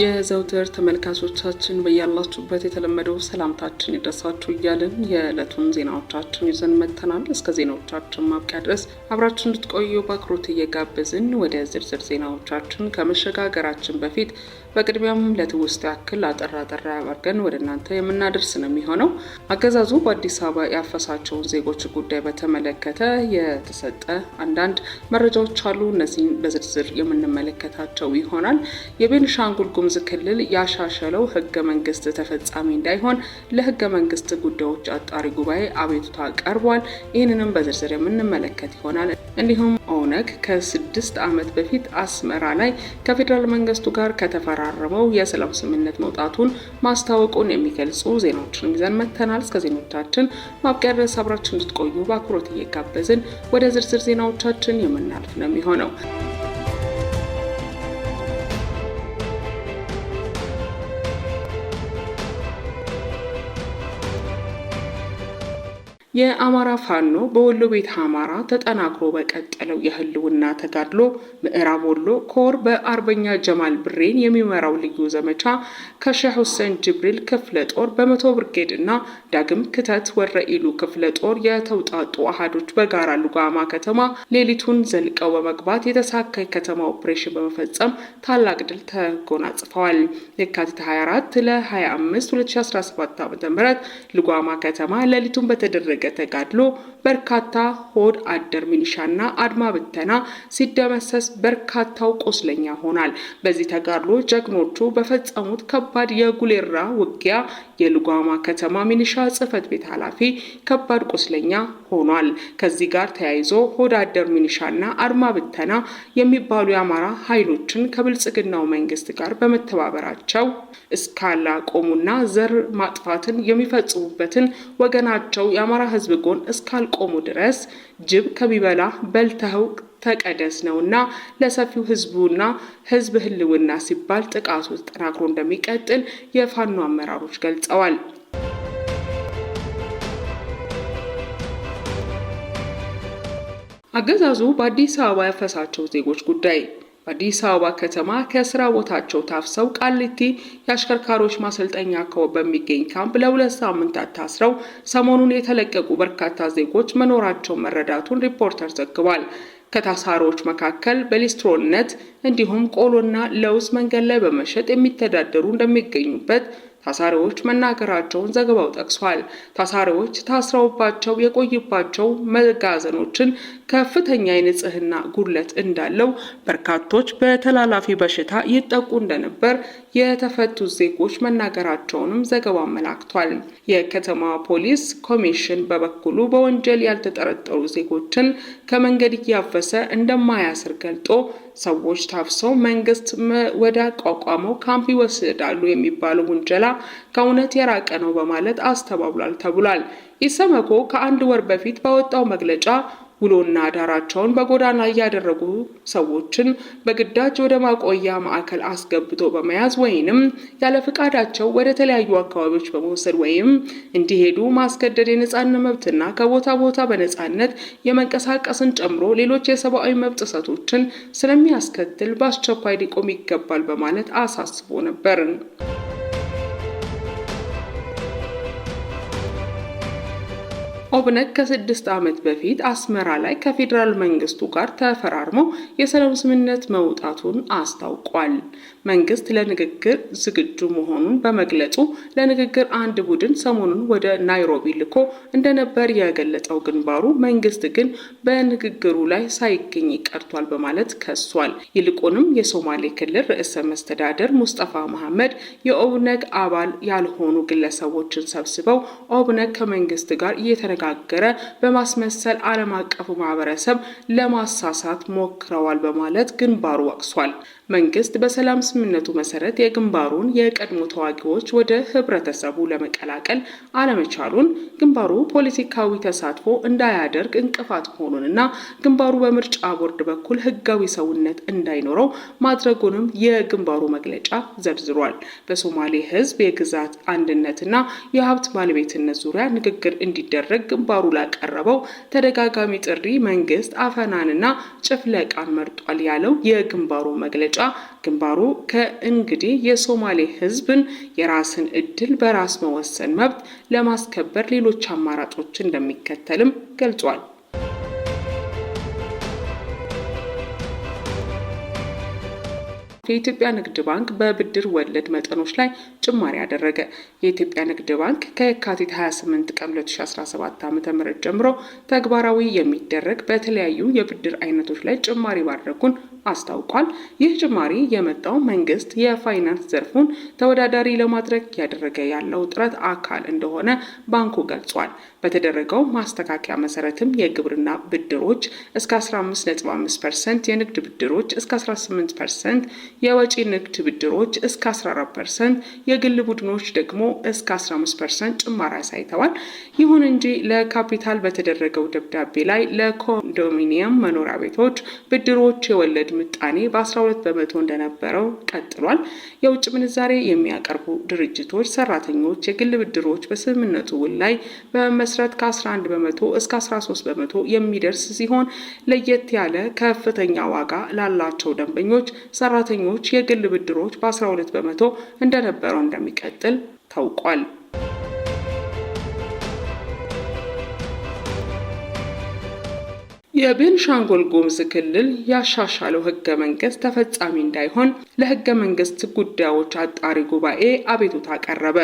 የዘውትር ተመልካቾቻችን በያላችሁበት የተለመደው ሰላምታችን ይድረሳችሁ እያልን የዕለቱን ዜናዎቻችን ይዘን መጥተናል። እስከ ዜናዎቻችን ማብቂያ ድረስ አብራችሁ እንድትቆዩ በአክብሮት እየጋበዝን ወደ ዝርዝር ዜናዎቻችን ከመሸጋገራችን በፊት በቅድሚያም ለትውስት ያክል አጠራ ጠራ አድርገን ወደ እናንተ የምናደርስ ነው የሚሆነው። አገዛዙ በአዲስ አበባ ያፈሳቸውን ዜጎች ጉዳይ በተመለከተ የተሰጠ አንዳንድ መረጃዎች አሉ። እነዚህን በዝርዝር የምንመለከታቸው ይሆናል። የቤንሻንጉል ጉሙዝ ክልል ያሻሸለው ህገ መንግስት ተፈጻሚ እንዳይሆን ለህገ መንግስት ጉዳዮች አጣሪ ጉባኤ አቤቱታ ቀርቧል። ይህንንም በዝርዝር የምንመለከት ይሆናል። እንዲሁም ኦነግ ከስድስት ዓመት በፊት አስመራ ላይ ከፌዴራል መንግስቱ ጋር ከተፈራረመው የሰላም ስምምነት መውጣቱን ማስታወቁን የሚገልጹ ዜናዎችን ይዘን መጥተናል። እስከ ዜናዎቻችን ማብቂያ ድረስ አብራችን እንድትቆዩ በአክብሮት እየጋበዝን ወደ ዝርዝር ዜናዎቻችን የምናልፍ ነው የሚሆነው። የአማራ ፋኖ በወሎ ቤት አማራ ተጠናክሮ በቀጠለው የህልውና ተጋድሎ ምዕራብ ወሎ ኮር በአርበኛ ጀማል ብሬን የሚመራው ልዩ ዘመቻ ከሼህ ሁሴን ጅብሪል ክፍለ ጦር በመቶ ብርጌድ እና ዳግም ክተት ወረኢሉ ክፍለ ጦር የተውጣጡ አሃዶች በጋራ ሉጋማ ከተማ ሌሊቱን ዘልቀው በመግባት የተሳካ ከተማ ኦፕሬሽን በመፈጸም ታላቅ ድል ተጎናጽፈዋል። የካቲት 24 ለ25 2017 ዓ ም ልጓማ ከተማ ሌሊቱን በተደረገ ተጋድሎ በርካታ ሆድ አደር ሚሊሻና አድማ ብተና ሲደመሰስ በርካታው ቆስለኛ ሆናል። በዚህ ተጋድሎ ጀግኖቹ በፈጸሙት ከባድ የጉሌራ ውጊያ የልጓማ ከተማ ሚሊሻ ጽህፈት ቤት ኃላፊ ከባድ ቆስለኛ ሆኗል። ከዚህ ጋር ተያይዞ ሆድ አደር ሚሊሻና አድማ ብተና የሚባሉ የአማራ ኃይሎችን ከብልጽግናው መንግስት ጋር በመተባበራቸው እስካላ ቆሙና ዘር ማጥፋትን የሚፈጽሙበትን ወገናቸው የአማራ ህዝብ ጎን እስካልቆሙ ድረስ ጅብ ከሚበላ በልተኸው ተቀደስ ነውና ለሰፊው ህዝቡና ህዝብ ህልውና ሲባል ጥቃቱ ተጠናክሮ እንደሚቀጥል የፋኖ አመራሮች ገልጸዋል። አገዛዙ በአዲስ አበባ ያፈሳቸው ዜጎች ጉዳይ በአዲስ አበባ ከተማ ከስራ ቦታቸው ታፍሰው ቃሊቲ የአሽከርካሪዎች ማሰልጠኛ በሚገኝ ካምፕ ለሁለት ሳምንታት ታስረው ሰሞኑን የተለቀቁ በርካታ ዜጎች መኖራቸውን መረዳቱን ሪፖርተር ዘግቧል። ከታሳሪዎች መካከል በሊስትሮነት እንዲሁም ቆሎና ለውዝ መንገድ ላይ በመሸጥ የሚተዳደሩ እንደሚገኙበት ታሳሪዎች መናገራቸውን ዘገባው ጠቅሷል። ታሳሪዎች ታስረውባቸው የቆይባቸው መጋዘኖችን ከፍተኛ የንጽህና ጉድለት እንዳለው፣ በርካቶች በተላላፊ በሽታ ይጠቁ እንደነበር የተፈቱ ዜጎች መናገራቸውንም ዘገባው አመላክቷል። የከተማ ፖሊስ ኮሚሽን በበኩሉ በወንጀል ያልተጠረጠሩ ዜጎችን ከመንገድ እያፈሰ እንደማያስር ገልጦ ሰዎች ታፍሰው መንግስት ወደ አቋቋመው ካምፕ ይወስዳሉ የሚባለው ውንጀላ ከእውነት የራቀ ነው በማለት አስተባብሏል ተብሏል። ኢሰመኮ ከአንድ ወር በፊት በወጣው መግለጫ ውሎና አዳራቸውን በጎዳና እያደረጉ ሰዎችን በግዳጅ ወደ ማቆያ ማዕከል አስገብቶ በመያዝ ወይንም ያለ ፍቃዳቸው ወደ ተለያዩ አካባቢዎች በመውሰድ ወይም እንዲሄዱ ማስገደድ የነጻነት መብትና ከቦታ ቦታ በነጻነት የመንቀሳቀስን ጨምሮ ሌሎች የሰብአዊ መብት ጥሰቶችን ስለሚያስከትል በአስቸኳይ ሊቆም ይገባል በማለት አሳስቦ ነበር። ኦብነግ ከስድስት ዓመት በፊት አስመራ ላይ ከፌዴራል መንግስቱ ጋር ተፈራርሞ የሰላም ስምምነት መውጣቱን አስታውቋል። መንግስት ለንግግር ዝግጁ መሆኑን በመግለጹ ለንግግር አንድ ቡድን ሰሞኑን ወደ ናይሮቢ ልኮ እንደነበር የገለጸው ግንባሩ መንግስት ግን በንግግሩ ላይ ሳይገኝ ቀርቷል በማለት ከሷል። ይልቁንም የሶማሌ ክልል ርዕሰ መስተዳደር ሙስጠፋ መሐመድ የኦብነግ አባል ያልሆኑ ግለሰቦችን ሰብስበው ኦብነግ ከመንግስት ጋር እየተነጋገረ በማስመሰል ዓለም አቀፉ ማህበረሰብ ለማሳሳት ሞክረዋል በማለት ግንባሩ ወቅሷል። መንግስት በሰላም በስምምነቱ መሰረት የግንባሩን የቀድሞ ተዋጊዎች ወደ ህብረተሰቡ ለመቀላቀል አለመቻሉን ግንባሩ ፖለቲካዊ ተሳትፎ እንዳያደርግ እንቅፋት መሆኑንና ግንባሩ በምርጫ ቦርድ በኩል ህጋዊ ሰውነት እንዳይኖረው ማድረጉንም የግንባሩ መግለጫ ዘርዝሯል። በሶማሌ ህዝብ የግዛት አንድነትና የሀብት ባለቤትነት ዙሪያ ንግግር እንዲደረግ ግንባሩ ላቀረበው ተደጋጋሚ ጥሪ መንግስት አፈናንና ጭፍለቃን መርጧል ያለው የግንባሩ መግለጫ ግንባሩ ከእንግዲህ የሶማሌ ህዝብን የራስን እድል በራስ መወሰን መብት ለማስከበር ሌሎች አማራጮች እንደሚከተልም ገልጿል። የኢትዮጵያ ንግድ ባንክ በብድር ወለድ መጠኖች ላይ ጭማሪ አደረገ። የኢትዮጵያ ንግድ ባንክ ከየካቲት 28 ቀን 2017 ዓ.ም ጀምሮ ተግባራዊ የሚደረግ በተለያዩ የብድር አይነቶች ላይ ጭማሪ ማድረጉን አስታውቋል። ይህ ጭማሪ የመጣው መንግስት የፋይናንስ ዘርፉን ተወዳዳሪ ለማድረግ ያደረገ ያለው ጥረት አካል እንደሆነ ባንኩ ገልጿል። በተደረገው ማስተካከያ መሰረትም የግብርና ብድሮች እስከ 15.5 ፐርሰንት፣ የንግድ ብድሮች እስከ 18 ፐርሰንት፣ የወጪ ንግድ ብድሮች እስከ 14 ፐርሰንት የግል ቡድኖች ደግሞ እስከ 15 ፐርሰንት ጭማሪ አሳይተዋል። ይሁን እንጂ ለካፒታል በተደረገው ደብዳቤ ላይ ለኮንዶሚኒየም መኖሪያ ቤቶች ብድሮች የወለድ ምጣኔ በ12 በመቶ እንደነበረው ቀጥሏል። የውጭ ምንዛሬ የሚያቀርቡ ድርጅቶች ሰራተኞች የግል ብድሮች በስምምነቱ ውል ላይ በመመስረት ከ11 በመቶ እስከ 13 በመቶ የሚደርስ ሲሆን ለየት ያለ ከፍተኛ ዋጋ ላላቸው ደንበኞች ሰራተኞች የግል ብድሮች በ12 በመቶ እንደነበረው እንደሚቀጥል ታውቋል። የቤንሻንጉል ጉሙዝ ክልል ያሻሻለው ህገ መንግስት ተፈጻሚ እንዳይሆን ለህገ መንግስት ጉዳዮች አጣሪ ጉባኤ አቤቱታ ቀረበ።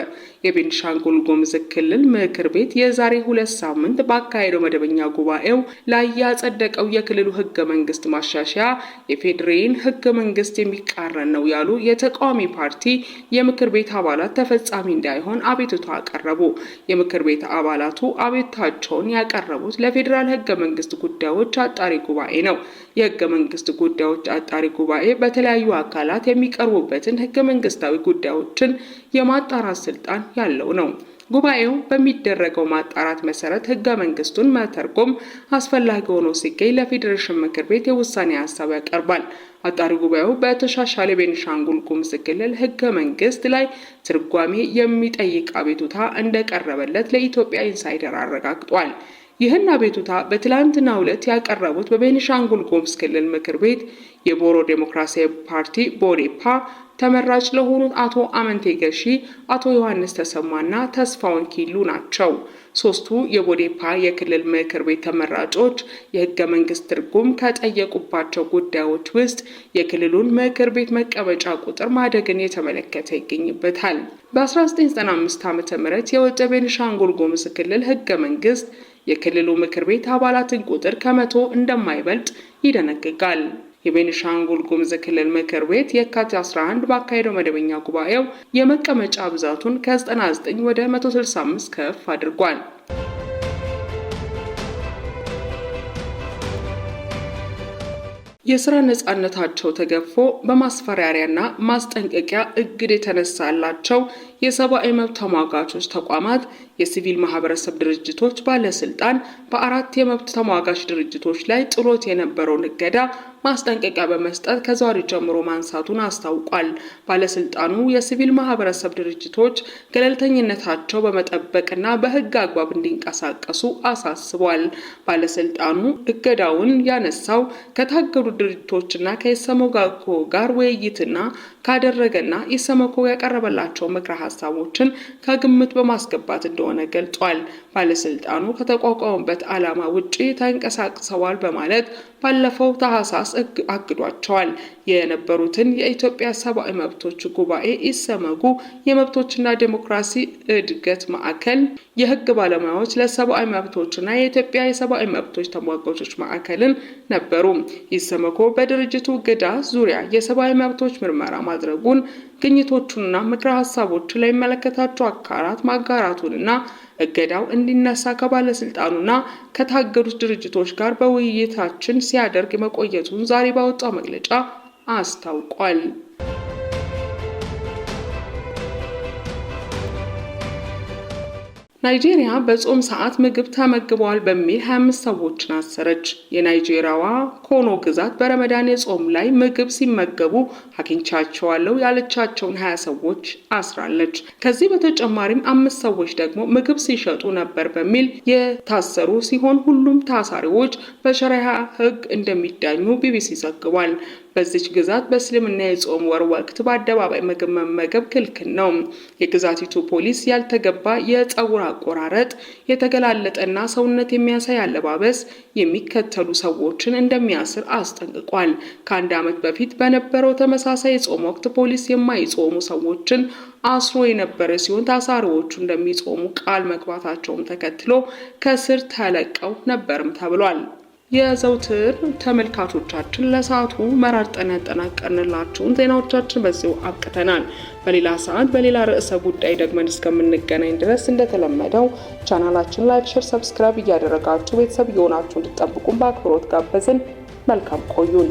የቤንሻንጉል ጉሙዝ ክልል ምክር ቤት የዛሬ ሁለት ሳምንት ባካሄደው መደበኛ ጉባኤው ላይ ያጸደቀው የክልሉ ህገ መንግስት ማሻሻያ የፌዴሬን ህገ መንግስት የሚቃረን ነው ያሉ የተቃዋሚ ፓርቲ የምክር ቤት አባላት ተፈጻሚ እንዳይሆን አቤቱታ አቀረቡ። የምክር ቤት አባላቱ አቤቱታቸውን ያቀረቡት ለፌዴራል ህገ መንግስት ጉዳዮች ጉዳዮች አጣሪ ጉባኤ ነው። የህገ መንግስት ጉዳዮች አጣሪ ጉባኤ በተለያዩ አካላት የሚቀርቡበትን ህገ መንግስታዊ ጉዳዮችን የማጣራት ስልጣን ያለው ነው። ጉባኤው በሚደረገው ማጣራት መሰረት ህገ መንግስቱን መተርጎም አስፈላጊ ሆኖ ሲገኝ ለፌዴሬሽን ምክር ቤት የውሳኔ ሀሳብ ያቀርባል። አጣሪ ጉባኤው በተሻሻለ ቤኒሻንጉል ጉሙዝ ክልል ህገ መንግስት ላይ ትርጓሜ የሚጠይቅ አቤቱታ እንደቀረበለት ለኢትዮጵያ ኢንሳይደር አረጋግጧል። ይህን አቤቱታ በትላንትና ዕለት ያቀረቡት በቤኒሻንጉል ጉሙዝ ክልል ምክር ቤት የቦሮ ዴሞክራሲያዊ ፓርቲ ቦዴፓ ተመራጭ ለሆኑት አቶ አመንቴ ገሺ፣ አቶ ዮሐንስ ተሰማና ተስፋውን ኪሉ ናቸው። ሶስቱ የቦዴፓ የክልል ምክር ቤት ተመራጮች የህገ መንግስት ትርጉም ከጠየቁባቸው ጉዳዮች ውስጥ የክልሉን ምክር ቤት መቀመጫ ቁጥር ማደግን የተመለከተ ይገኝበታል። በ1995 ዓ ም የወጣ ቤኒሻንጉል ጉሙዝ ክልል ህገ መንግስት የክልሉ ምክር ቤት አባላትን ቁጥር ከመቶ እንደማይበልጥ ይደነግጋል። የቤኒሻንጉል ጉምዝ ክልል ምክር ቤት የካቲት 11 ባካሄደው መደበኛ ጉባኤው የመቀመጫ ብዛቱን ከ99 ወደ 165 ከፍ አድርጓል። የስራ ነጻነታቸው ተገፎ በማስፈራሪያና ማስጠንቀቂያ እግድ የተነሳላቸው የሰብአዊ መብት ተሟጋቾች ተቋማት፣ የሲቪል ማህበረሰብ ድርጅቶች ባለስልጣን በአራት የመብት ተሟጋች ድርጅቶች ላይ ጥሎት የነበረውን እገዳ ማስጠንቀቂያ በመስጠት ከዛሬ ጀምሮ ማንሳቱን አስታውቋል። ባለስልጣኑ የሲቪል ማህበረሰብ ድርጅቶች ገለልተኝነታቸው በመጠበቅና በህግ አግባብ እንዲንቀሳቀሱ አሳስቧል። ባለስልጣኑ እገዳውን ያነሳው ከታገዱ ድርጅቶችና ከኢሰመኮ ጋር ውይይትና ካደረገና ኢሰመኮ ያቀረበላቸው ምክረ ሀሳቦችን ከግምት በማስገባት እንደሆነ ገልጿል። ባለስልጣኑ ከተቋቋሙበት ዓላማ ውጪ ተንቀሳቅሰዋል በማለት ባለፈው ታህሳስ አግዷቸዋል የነበሩትን የኢትዮጵያ ሰብአዊ መብቶች ጉባኤ ኢሰመጉ፣ የመብቶችና ዴሞክራሲ እድገት ማዕከል፣ የህግ ባለሙያዎች ለሰብአዊ መብቶችና የኢትዮጵያ የሰብአዊ መብቶች ተሟጋቾች ማዕከልን ነበሩ። ኢሰመኮ በድርጅቱ ግዳ ዙሪያ የሰብአዊ መብቶች ምርመራ ማድረጉን ግኝቶቹና ምክረ ሀሳቦቹ ለሚመለከታቸው አካላት ማጋራቱንና እገዳው እንዲነሳ ከባለስልጣኑና ከታገዱት ድርጅቶች ጋር በውይይታችን ሲያደርግ መቆየቱን ዛሬ ባወጣው መግለጫ አስታውቋል። ናይጄሪያ በጾም ሰዓት ምግብ ተመግበዋል በሚል 25 ሰዎችን አሰረች። የናይጄሪያዋ ኮኖ ግዛት በረመዳን የጾም ላይ ምግብ ሲመገቡ አግኝቻቸዋለሁ ያለቻቸውን 20 ሰዎች አስራለች። ከዚህ በተጨማሪም አምስት ሰዎች ደግሞ ምግብ ሲሸጡ ነበር በሚል የታሰሩ ሲሆን ሁሉም ታሳሪዎች በሸሪዓ ሕግ እንደሚዳኙ ቢቢሲ ዘግቧል። በዚች ግዛት በእስልምና የጾም ወር ወቅት በአደባባይ ምግብ መመገብ ክልክል ነው። የግዛቲቱ ፖሊስ ያልተገባ የፀጉር አቆራረጥ፣ የተገላለጠና ሰውነት የሚያሳይ አለባበስ የሚከተሉ ሰዎችን እንደሚያስር አስጠንቅቋል። ከአንድ ዓመት በፊት በነበረው ተመሳሳይ የጾም ወቅት ፖሊስ የማይጾሙ ሰዎችን አስሮ የነበረ ሲሆን ታሳሪዎቹ እንደሚጾሙ ቃል መግባታቸውን ተከትሎ ከስር ተለቀው ነበርም ተብሏል። የዘውትር ተመልካቾቻችን ለሰዓቱ መራርጠን ያጠናቀርንላችሁን ዜናዎቻችን በዚሁ አብቅተናል። በሌላ ሰዓት በሌላ ርዕሰ ጉዳይ ደግመን እስከምንገናኝ ድረስ እንደተለመደው ቻናላችን ላይክ፣ ሼር፣ ሰብስክራይብ እያደረጋችሁ ቤተሰብ የሆናችሁ እንድጠብቁን በአክብሮት ጋበዝን። መልካም ቆዩን።